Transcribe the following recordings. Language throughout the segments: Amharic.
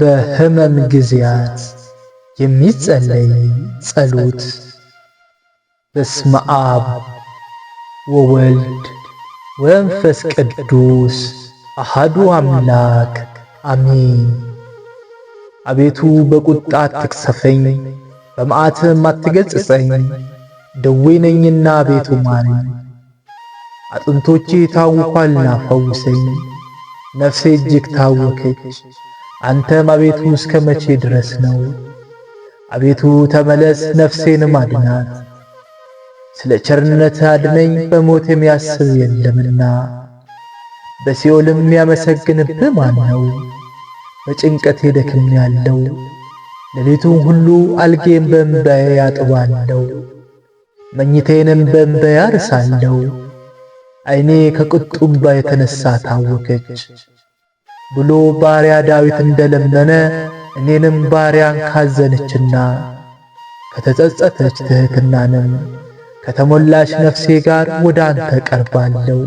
በህመም ጊዜያት የሚጸለይ ጸሎት። በስመ አብ ወወልድ ወመንፈስ ቅዱስ አሃዱ አምላክ አሜን። አቤቱ በቁጣ አትቅሰፈኝ፣ በመዓትህም አትገሥጸኝ። ደዌ ነኝና አቤቱ ማረኝ። አጥንቶቼ ታውኳልና ፈውሰኝ። ነፍሴ እጅግ ታወከች። አንተም አቤቱ እስከ መቼ ድረስ ነው? አቤቱ ተመለስ፣ ነፍሴንም አድናት። ስለ ቸርነት አድነኝ፣ በሞት የሚያስብ የለምና። በሲኦልም የሚያመሰግንብህ ማን ነው? በጭንቀት ደክም ያለው ሌሊቱን ሁሉ አልጌን በእንባዬ ያጥባለው፣ መኝቴንም በእንባዬ አርሳለው። ዓይኔ ከቁጡባ የተነሳ ታወከች። ብሎ ባሪያ ዳዊት እንደለመነ እኔንም ባሪያን ካዘነችና ከተጸጸተች ትሕትናንም ከተሞላች ነፍሴ ጋር ወደ አንተ ቀርባለሁ።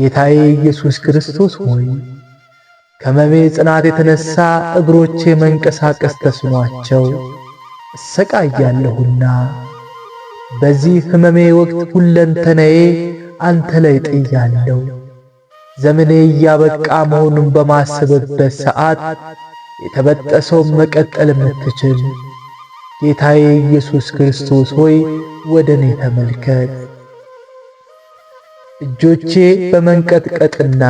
ጌታዬ ኢየሱስ ክርስቶስ ሆይ ከመሜ ጽናት የተነሳ እግሮቼ መንቀሳቀስ ተስኗቸው እሰቃያለሁና በዚህ ሕመሜ ወቅት ሁለንተናዬ አንተ ላይ ጥያለሁ። ዘመኔ እያበቃ መሆኑን በማስብበት ሰዓት የተበጠሰውን መቀጠል የምትችል ጌታዬ ኢየሱስ ክርስቶስ ሆይ ወደ እኔ ተመልከት። እጆቼ በመንቀጥቀጥና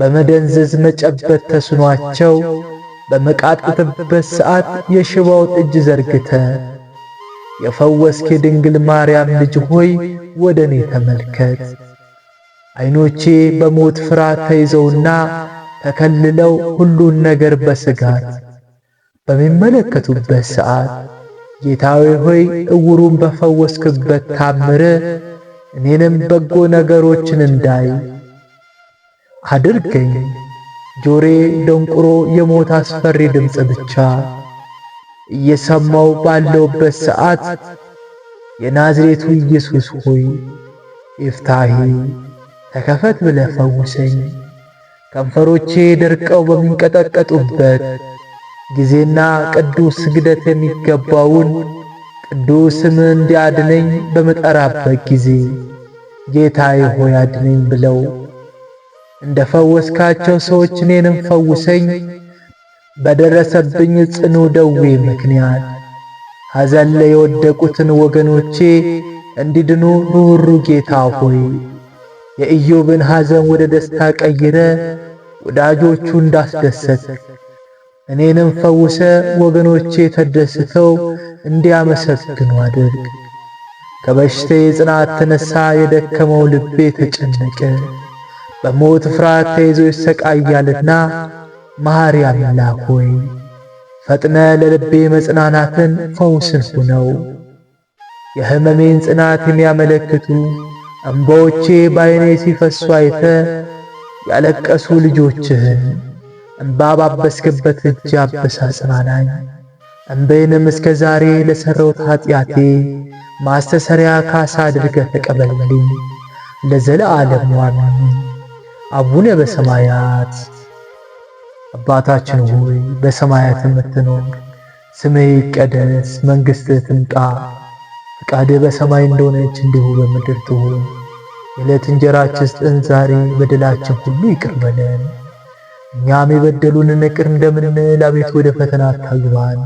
በመደንዘዝ መጨበት ተስኗቸው በመቃጠትበት ሰዓት የሽባውን እጅ ዘርግተ የፈወስኬ ድንግል ማርያም ልጅ ሆይ ወደ እኔ ተመልከት። አይኖቼ በሞት ፍርሃት ተይዘውና ተከልለው ሁሉን ነገር በስጋት በሚመለከቱበት ሰዓት ጌታዊ ሆይ እውሩን በፈወስክበት ታምር እኔንም በጎ ነገሮችን እንዳይ አድርገኝ። ጆሬ ደንቁሮ የሞት አስፈሪ ድምፅ ብቻ እየሰማው ባለውበት ሰዓት የናዝሬቱ ኢየሱስ ሆይ ኤፍታሄ ተከፈት ብለህ ፈውሰኝ። ከንፈሮቼ ደርቀው በሚንቀጠቀጡበት ጊዜና ቅዱስ ስግደት የሚገባውን ቅዱስ ስም እንዲያድነኝ በመጠራበት ጊዜ ጌታዬ ሆይ አድነኝ ብለው እንደ ፈወስካቸው ሰዎች እኔንም ፈውሰኝ። በደረሰብኝ ጽኑ ደዌ ምክንያት ሐዘን ላይ የወደቁትን ወገኖቼ እንዲድኑ ኑሩ ጌታ ሆይ የኢዮብን ሐዘን ወደ ደስታ ቀይረ ወዳጆቹ እንዳስደሰተ እኔንም ፈውሰ ወገኖቼ ተደስተው እንዲያመሰግኑ አድርግ። ከበሽተ የጽናት ተነሳ የደከመው ልቤ ተጨነቀ። በሞት ፍርሃት ተይዞ ይሰቃያልና መሐሪ አምላክ ሆይ ፈጥነ ለልቤ መጽናናትን ፈውስን ሁነው። የሕመሜን ጽናት የሚያመለክቱ እንባዎቼ በዓይኔ ሲፈሱ አይተ ያለቀሱ ልጆችህን እንባ ባበስክበት እጅ አበሳጽና ላይ እንባዬንም እስከ ዛሬ ለሠረውት ኃጢአቴ ማስተሰሪያ ካሳ አድርገህ ተቀበልልኝ። ለዘለዓለም አሜን። አቡነ በሰማያት አባታችን ሆይ በሰማያት የምትኖር ስምህ ይቀደስ፣ መንግሥትህ ትምጣ ፈቃድህ በሰማይ እንደሆነች እንዲሁ በምድር ትሁን። የዕለት እንጀራችንን ስጠን ዛሬ፣ በደላችን ሁሉ ይቅር በለን እኛም የበደሉንን ይቅር እንደምንል። አቤቱ ወደ ፈተና አታግባን፣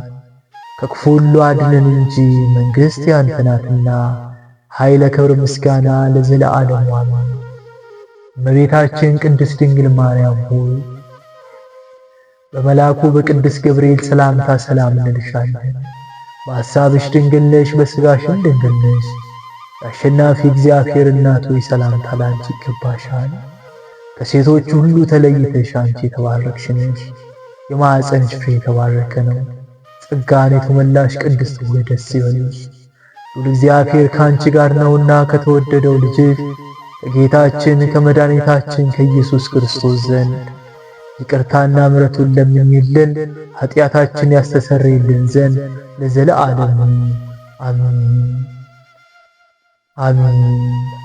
ከክፉ ሁሉ አድነን እንጂ መንግሥት ያንተ ናትና፣ ኃይለ ክብር፣ ምስጋና ለዘለ አሜን። እመቤታችን ቅድስት ድንግል ማርያም ሆይ በመልአኩ በቅዱስ ገብርኤል ሰላምታ ሰላም እንልሻለን። በሐሳብሽ ድንግል ነሽ፣ በሥጋሽም ድንግል ነሽ። የአሸናፊ እግዚአብሔር እናት ሆይ ሰላምታ ላንቺ ይገባሻል። ከሴቶቹ ሁሉ ተለይተሽ አንቺ የተባረክሽ ነሽ። የማኅፀንሽ ፍሬ የተባረከ ነው። ጸጋን የተመላሽ ቅድስት ሆይ ደስ ይበልሽ፣ ሁሉ እግዚአብሔር ከአንቺ ጋር ነውና ከተወደደው ልጅ ከጌታችን ከመድኃኒታችን ከኢየሱስ ክርስቶስ ዘንድ ይቅርታና ምሕረቱን ለምኝልን ኃጢአታችን ያስተሰርይልን ዘንድ ለዘለዓለሙ አሚን አሚን።